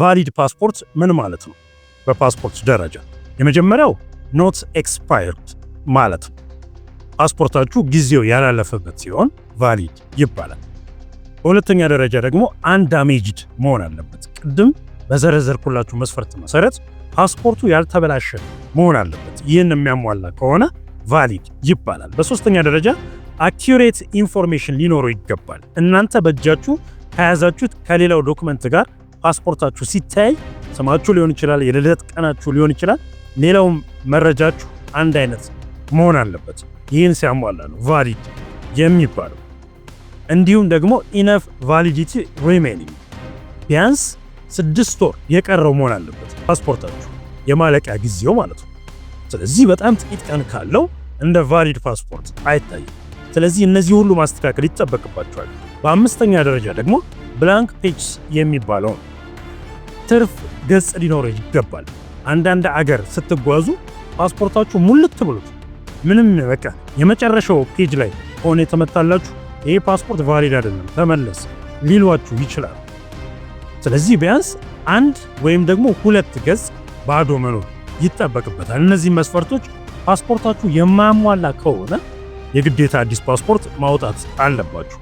ቫሊድ ፓስፖርት ምን ማለት ነው? በፓስፖርት ደረጃ የመጀመሪያው ኖት ኤክስፓየርድ ማለት ነው። ፓስፖርታችሁ ጊዜው ያላለፈበት ሲሆን ቫሊድ ይባላል። በሁለተኛ ደረጃ ደግሞ አንዳሜጅድ መሆን አለበት። ቅድም በዘረዘርኩላችሁ መስፈርት መሰረት ፓስፖርቱ ያልተበላሸ መሆን አለበት። ይህን የሚያሟላ ከሆነ ቫሊድ ይባላል። በሶስተኛ ደረጃ አኪሬት ኢንፎርሜሽን ሊኖረው ይገባል። እናንተ በእጃችሁ ከያዛችሁት ከሌላው ዶክመንት ጋር ፓስፖርታችሁ ሲታይ ስማችሁ ሊሆን ይችላል፣ የልደት ቀናችሁ ሊሆን ይችላል፣ ሌላውም መረጃችሁ አንድ አይነት መሆን አለበት። ይህን ሲያሟላ ነው ቫሊድ የሚባለው። እንዲሁም ደግሞ ኢነፍ ቫሊዲቲ ሪሜኒንግ ቢያንስ ስድስት ወር የቀረው መሆን አለበት ፓስፖርታችሁ የማለቂያ ጊዜው ማለት ነው። ስለዚህ በጣም ጥቂት ቀን ካለው እንደ ቫሊድ ፓስፖርት አይታይም። ስለዚህ እነዚህ ሁሉ ማስተካከል ይጠበቅባቸዋል። በአምስተኛ ደረጃ ደግሞ ብላንክ ፔጅስ የሚባለው ነው። ትርፍ ገጽ ሊኖር ይገባል። አንዳንድ አገር ስትጓዙ ፓስፖርታችሁ ሙልት ብሉት ምንም በቃ የመጨረሻው ፔጅ ላይ ሆነ የተመታላችሁ ይሄ ፓስፖርት ቫሊድ አይደለም ተመለስ ሊሏችሁ ይችላል። ስለዚህ ቢያንስ አንድ ወይም ደግሞ ሁለት ገጽ ባዶ መኖር ይጠበቅበታል። እነዚህ መስፈርቶች ፓስፖርታችሁ የማያሟላ ከሆነ የግዴታ አዲስ ፓስፖርት ማውጣት አለባችሁ።